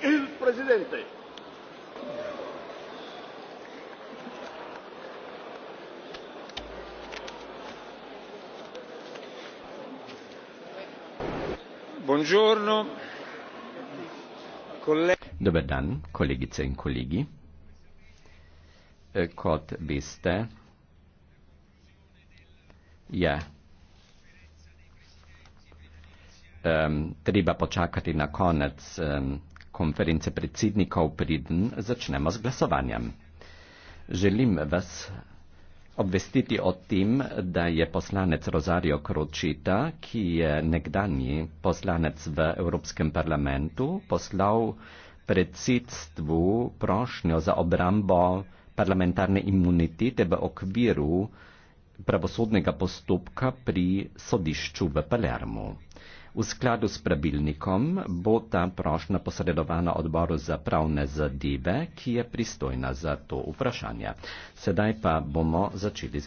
il Presidente. Buongiorno. Dober dan, kolegice in kolegi. Eh, kot veste, je um, treba počakati na konec um, konference predsednikov pridn začnemo z glasovanjem. Želim vas obvestiti o tem, da je poslanec Rozario Kročita, ki je nekdanji poslanec v Evropskem parlamentu, poslal predsedstvu prošnjo za obrambo parlamentarne imunitete v okviru pravosodnega postopka pri sodišču v Palermu. V skladu s pravilnikom bo ta prošnja posredovana odboru za pravne zadeve, ki je pristojna za to vprašanje. Sedaj pa bomo začeli.